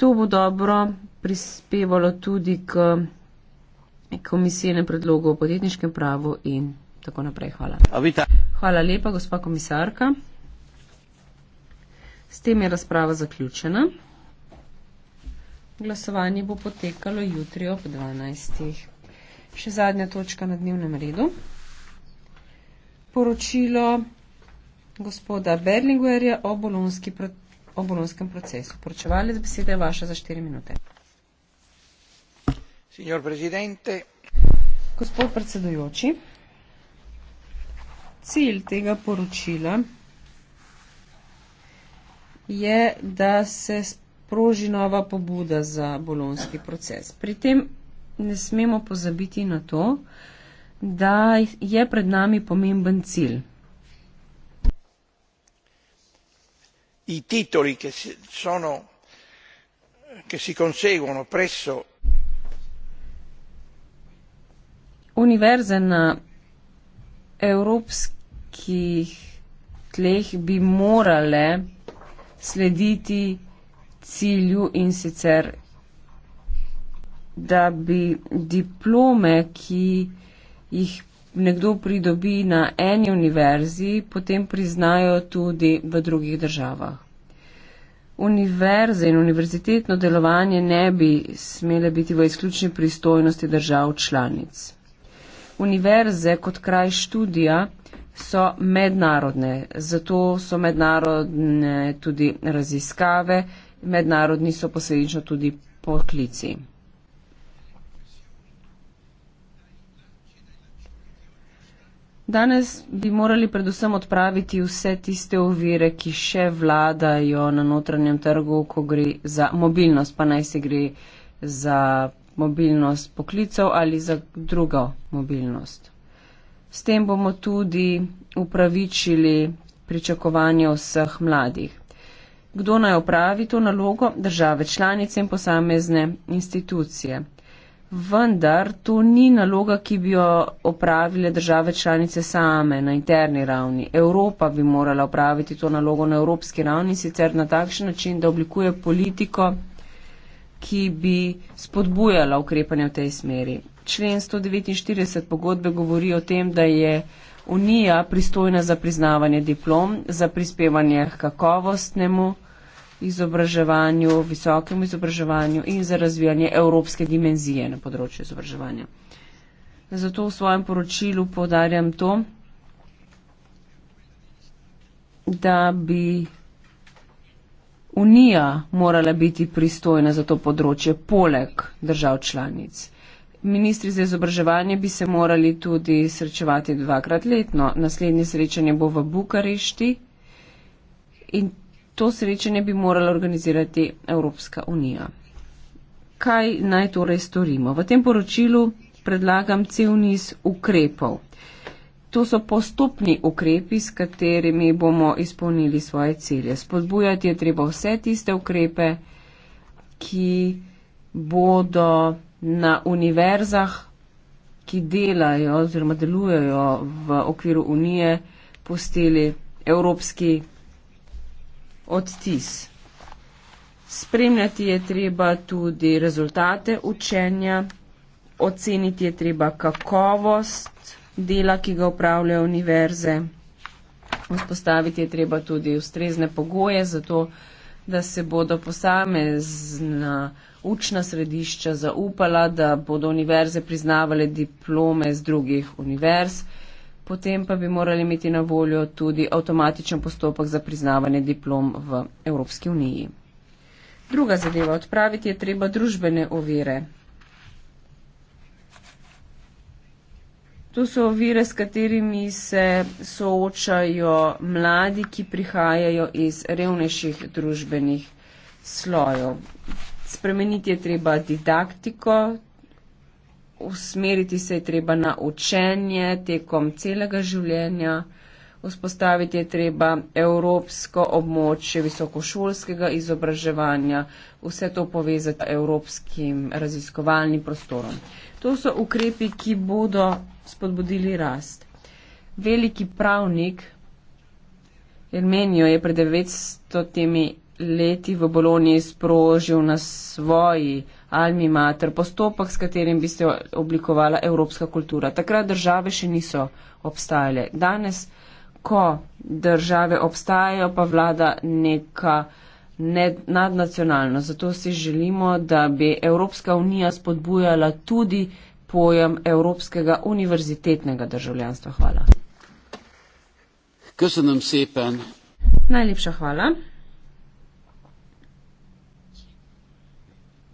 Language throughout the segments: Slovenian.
To bo dobro prispevalo tudi k komisijenem predlogu o podjetniškem pravu in tako naprej. Hvala. Hvala lepa, gospa komisarka. S tem je razprava zaključena. Glasovanje bo potekalo jutri ob 12. Še zadnja točka na dnevnem redu. Poročilo gospoda Berlinguerja o bolonski o bolonskem procesu. Poročevalec besede je vaša za štiri minute. Gospod predsedujoči, cilj tega poročila je, da se sproži nova pobuda za bolonski proces. Pri tem ne smemo pozabiti na to, da je pred nami pomemben cilj. i titoli che si, sono, che si conseguono presso Univerzen evropskih tleh bi morale slediti cilju in sicer, da bi diplome, ki jih nekdo pridobi na eni univerzi, potem priznajo tudi v drugih državah. Univerze in univerzitetno delovanje ne bi smele biti v izključni pristojnosti držav članic. Univerze kot kraj študija so mednarodne, zato so mednarodne tudi raziskave, mednarodni so posledično tudi poklici. Danes bi morali predvsem odpraviti vse tiste ovire, ki še vladajo na notranjem trgu, ko gre za mobilnost, pa naj se gre za mobilnost poklicov ali za drugo mobilnost. S tem bomo tudi upravičili pričakovanje vseh mladih. Kdo naj opravi to nalogo? Države članice in posamezne institucije. Vendar to ni naloga, ki bi jo opravile države članice same na interni ravni. Evropa bi morala opraviti to nalogo na evropski ravni, sicer na takšen način, da oblikuje politiko, ki bi spodbujala ukrepanje v tej smeri. Člen 149 pogodbe govori o tem, da je Unija pristojna za priznavanje diplom, za prispevanje kakovostnemu izobraževanju, visokemu izobraževanju in za razvijanje evropske dimenzije na področju izobraževanja. Zato v svojem poročilu podarjam to, da bi Unija morala biti pristojna za to področje poleg držav članic. Ministri za izobraževanje bi se morali tudi srečevati dvakrat letno. Naslednje srečanje bo v Bukarešti in to srečanje bi morala organizirati Evropska unija. Kaj naj torej storimo? V tem poročilu predlagam cel niz ukrepov. To so postopni ukrepi, s katerimi bomo izpolnili svoje cilje. Spodbujati je treba vse tiste ukrepe, ki bodo na univerzah, ki delajo oziroma delujejo v okviru Unije, posteli evropski odtis. Spremljati je treba tudi rezultate učenja, oceniti je treba kakovost dela, ki ga upravljajo univerze, vzpostaviti je treba tudi ustrezne pogoje za to, da se bodo posamezna učna središča zaupala, da bodo univerze priznavale diplome z drugih univerz potem pa bi morali imeti na voljo tudi avtomatičen postopek za priznavanje diplom v Evropski uniji. Druga zadeva odpraviti je treba družbene ovire. To so ovire, s katerimi se soočajo mladi, ki prihajajo iz revnejših družbenih slojev. Spremeniti je treba didaktiko, usmeriti se je treba na učenje tekom celega življenja, vzpostaviti je treba evropsko območje visokošolskega izobraževanja, vse to povezati evropskim raziskovalnim prostorom. To so ukrepi, ki bodo spodbudili rast. Veliki pravnik Ermenijo je pred 900 leti v Boloniji sprožil na svoji Almi Mater, postopek, s katerim bi se oblikovala evropska kultura. Takrat države še niso obstajale. Danes, ko države obstajajo, pa vlada neka nadnacionalnost. Zato si želimo, da bi Evropska unija spodbujala tudi pojem evropskega univerzitetnega državljanstva. Hvala. Köszönöm szépen! Najlepša hvala!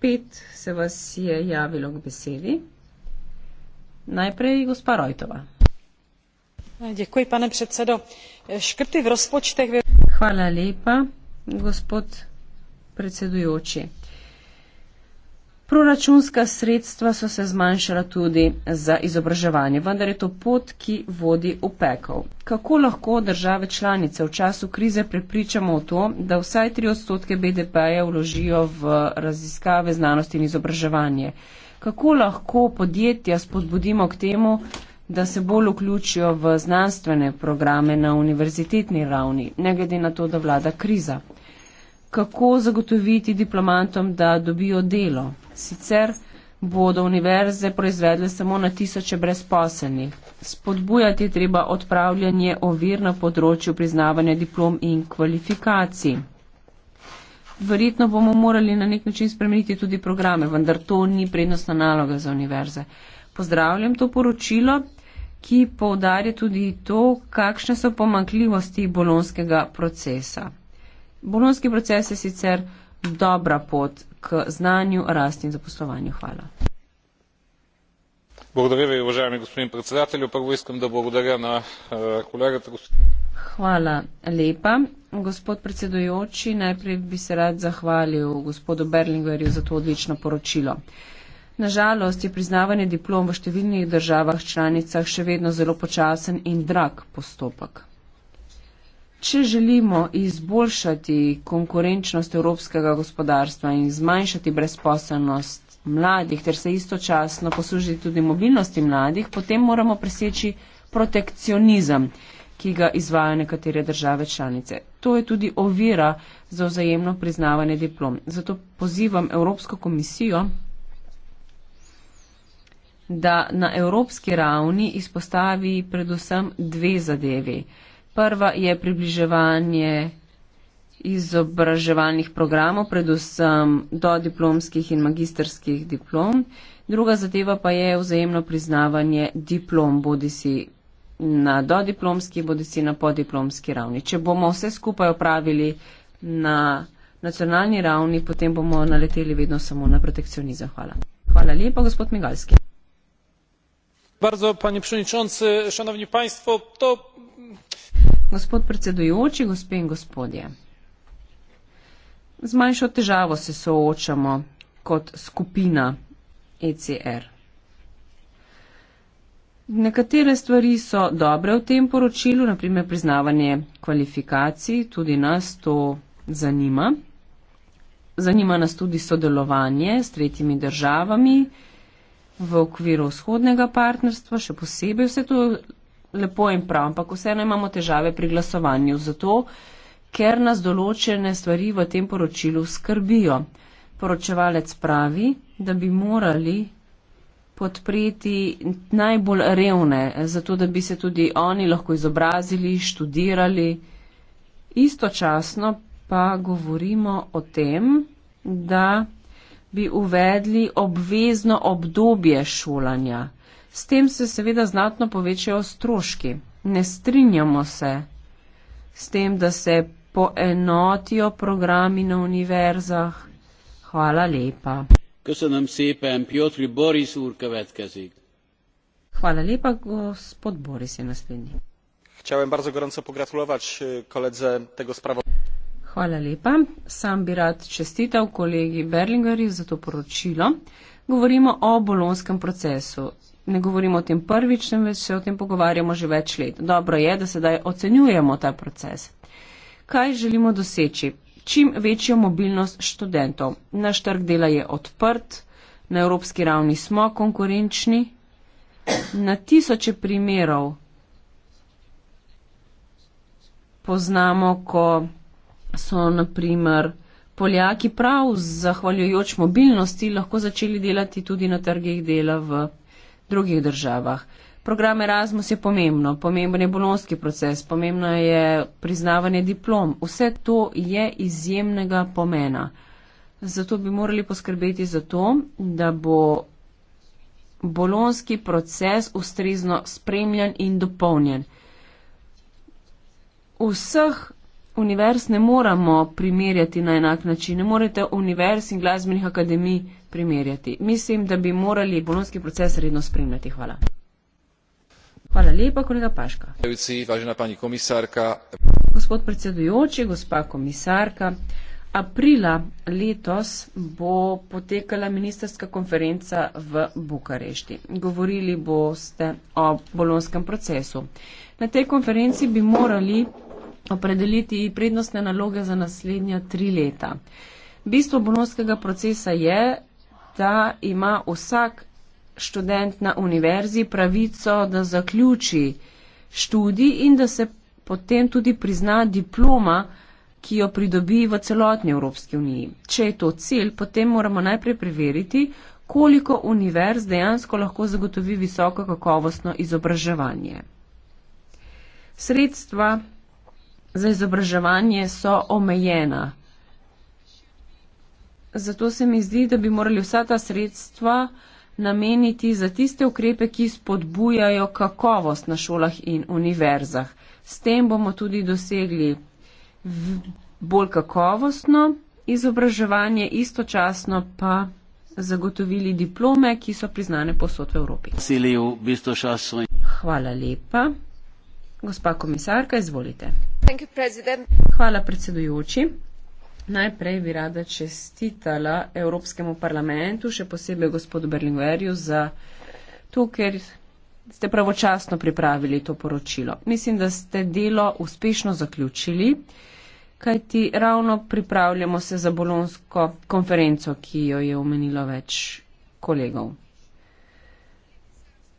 pet se vas je javilo k besedi. Najprej gospa Rojtova. Děkuji, pane předsedo. Škrty v rozpočtech... Hvala lepa, gospod predsedujoči. Proračunska sredstva so se zmanjšala tudi za izobraževanje, vendar je to pot, ki vodi v pekel. Kako lahko države članice v času krize prepričamo v to, da vsaj 3 odstotke BDP-ja vložijo v raziskave znanosti in izobraževanje? Kako lahko podjetja spodbudimo k temu, da se bolj vključijo v znanstvene programe na univerzitetni ravni, ne glede na to, da vlada kriza? Kako zagotoviti diplomantom, da dobijo delo? sicer bodo univerze proizvedle samo na tisoče brezposelnih. Spodbujati treba odpravljanje ovir na področju priznavanja diplom in kvalifikacij. Verjetno bomo morali na nek način spremeniti tudi programe, vendar to ni prednostna naloga za univerze. Pozdravljam to poročilo, ki povdarja tudi to, kakšne so pomankljivosti bolonskega procesa. Bolonski proces je sicer dobra pot k znanju, rasti in zaposlovanju. Hvala. Благодаря ви, уважаеми господин председателю. Първо искам да благодаря на е, колегата. Хвала лепа. Господ председующий, най-при би се рад захвалил господу Берлингерю за това отлично поручило. На жалост е признаване диплом в številни държавах, членицах, ще ведно зело почасен и драг постъпък. Če želimo izboljšati konkurenčnost evropskega gospodarstva in zmanjšati brezposelnost mladih, ter se istočasno poslužiti tudi mobilnosti mladih, potem moramo preseči protekcionizem, ki ga izvajo nekatere države članice. To je tudi ovira za vzajemno priznavanje diplom. Zato pozivam Evropsko komisijo, da na evropski ravni izpostavi predvsem dve zadevi. Prva je približevanje izobraževalnih programov, predvsem do diplomskih in magisterskih diplom. Druga zadeva pa je vzajemno priznavanje diplom, bodi si na dodiplomski, bodi si na podiplomski ravni. Če bomo vse skupaj opravili na nacionalni ravni, potem bomo naleteli vedno samo na protekcionizem. Hvala. Hvala lepa, gospod Migalski. Bardzo, panie przewodniczący, szanowni państwo, to Gospod predsedujoči, gospe in gospodje, z manjšo težavo se soočamo kot skupina ECR. Nekatere stvari so dobre v tem poročilu, naprimer priznavanje kvalifikacij, tudi nas to zanima. Zanima nas tudi sodelovanje s tretjimi državami v okviru vzhodnega partnerstva, še posebej vse to lepo in prav, ampak vseeno imamo težave pri glasovanju, zato ker nas določene stvari v tem poročilu skrbijo. Poročevalec pravi, da bi morali podpreti najbolj revne, zato da bi se tudi oni lahko izobrazili, študirali. Istočasno pa govorimo o tem, da bi uvedli obvezno obdobje šolanja. S tem se seveda znatno povečajo stroški. Ne strinjamo se s tem, da se poenotijo programi na univerzah. Hvala lepa. Köszönöm szépen, Piotr Boris úr következik. Hvala lepa, gospod Boris je naslednji. Chciałem bardzo gorąco pogratulować e, koledze tego sprawozdania. Hvala lepa. Sam bi rad čestital kolegi Berlingerju za to poročilo. Govorimo o bolonskem procesu ne govorimo o tem prvič, temveč se o tem pogovarjamo že več let. Dobro je, da sedaj ocenjujemo ta proces. Kaj želimo doseči? Čim večjo mobilnost študentov. Naš trg dela je odprt, na evropski ravni smo konkurenčni. Na tisoče primerov poznamo, ko so naprimer Poljaki prav zahvaljujoč mobilnosti lahko začeli delati tudi na trgih dela v drugih državah. Program Erasmus je pomembno, pomemben je bolonski proces, pomembno je priznavanje diplom. Vse to je izjemnega pomena. Zato bi morali poskrbeti za to, da bo bolonski proces ustrezno spremljan in dopolnjen. Vseh univerz ne moramo primerjati na enak način. Ne morete univerz in glasbenih akademij primerjati primerjati. Mislim, da bi morali bolonski proces redno spremljati. Hvala. Hvala lepa, kolega Paška. Gospod predsedujoči, gospa komisarka, aprila letos bo potekala ministerska konferenca v Bukarešti. Govorili boste o bolonskem procesu. Na tej konferenci bi morali opredeliti prednostne naloge za naslednja tri leta. Bistvo bolonskega procesa je, da ima vsak študent na univerzi pravico, da zaključi študij in da se potem tudi prizna diploma, ki jo pridobi v celotni Evropski uniji. Če je to cilj, potem moramo najprej preveriti, koliko univerz dejansko lahko zagotovi visoko kakovostno izobraževanje. Sredstva za izobraževanje so omejena zato se mi zdi, da bi morali vsa ta sredstva nameniti za tiste ukrepe, ki spodbujajo kakovost na šolah in univerzah. S tem bomo tudi dosegli bolj kakovostno izobraževanje, istočasno pa zagotovili diplome, ki so priznane posod v Evropi. Hvala lepa. Gospa komisarka, izvolite. Hvala predsedujoči. Najprej bi rada čestitala Evropskemu parlamentu, še posebej gospodu Berlingverju, za to, ker ste pravočasno pripravili to poročilo. Mislim, da ste delo uspešno zaključili, kajti ravno pripravljamo se za bolonsko konferenco, ki jo je omenilo več kolegov.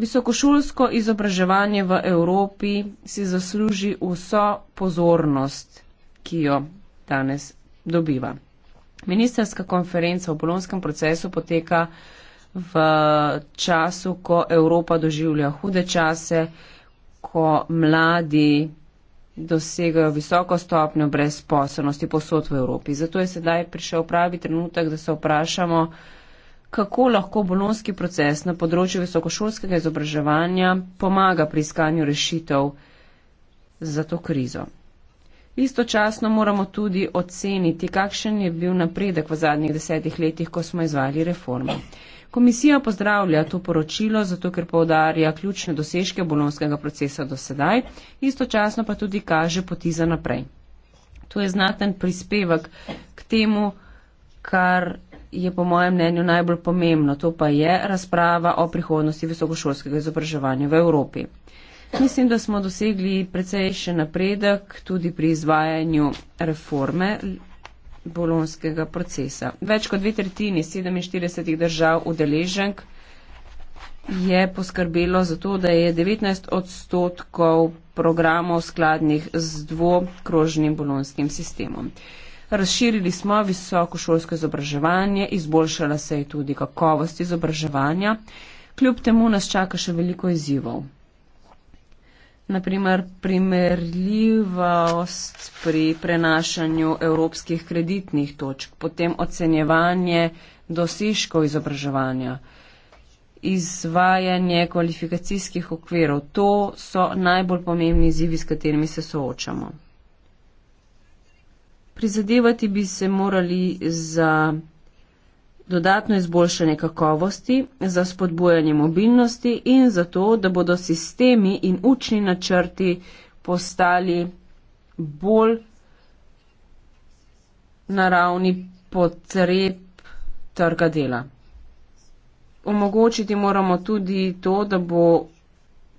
Visokošolsko izobraževanje v Evropi si zasluži vso pozornost, ki jo danes dobiva. Ministrska konferenca o bolonskem procesu poteka v času, ko Evropa doživlja hude čase, ko mladi dosegajo visoko stopnjo brezposobnosti posod v Evropi. Zato je sedaj prišel pravi trenutek, da se vprašamo, kako lahko bolonski proces na področju visokošolskega izobraževanja pomaga pri iskanju rešitev za to krizo. Istočasno moramo tudi oceniti, kakšen je bil napredek v zadnjih desetih letih, ko smo izvali reforme. Komisija pozdravlja to poročilo, zato ker povdarja ključne dosežke bolonskega procesa do sedaj, istočasno pa tudi kaže poti za naprej. To je znaten prispevek k temu, kar je po mojem mnenju najbolj pomembno, to pa je razprava o prihodnosti visokošolskega izobraževanja v Evropi. Mislim, da smo dosegli precejšen napredek tudi pri izvajanju reforme bolonskega procesa. Več kot dve tretjini 47 držav udeleženk je poskrbelo za to, da je 19 odstotkov programov skladnih z dvokrožnim bolonskim sistemom. Razširili smo visokošolsko izobraževanje, izboljšala se je tudi kakovost izobraževanja, kljub temu nas čaka še veliko izzivov naprimer primerljivost pri prenašanju evropskih kreditnih točk, potem ocenjevanje dosežkov izobraževanja, izvajanje kvalifikacijskih okvirov. To so najbolj pomembni izzivi, s katerimi se soočamo. Prizadevati bi se morali za dodatno izboljšanje kakovosti, za spodbujanje mobilnosti in za to, da bodo sistemi in učni načrti postali bolj naravni potreb trga dela. Omogočiti moramo tudi to, da bo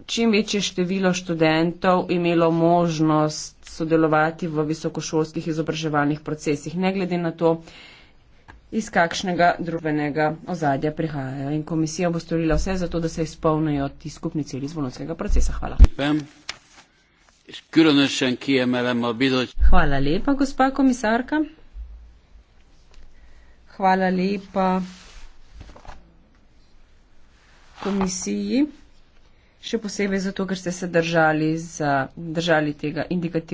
čim večje število študentov imelo možnost sodelovati v visokošolskih izobraževalnih procesih, ne glede na to, iz kakšnega drugega ozadja prihajajo. In komisija bo storila vse za to, da se izpolnijo ti skupni cilji iz volonskega procesa. Hvala. Hvala lepa, gospa komisarka. Hvala lepa komisiji, še posebej zato, ker ste se držali, za, držali tega indikativnega.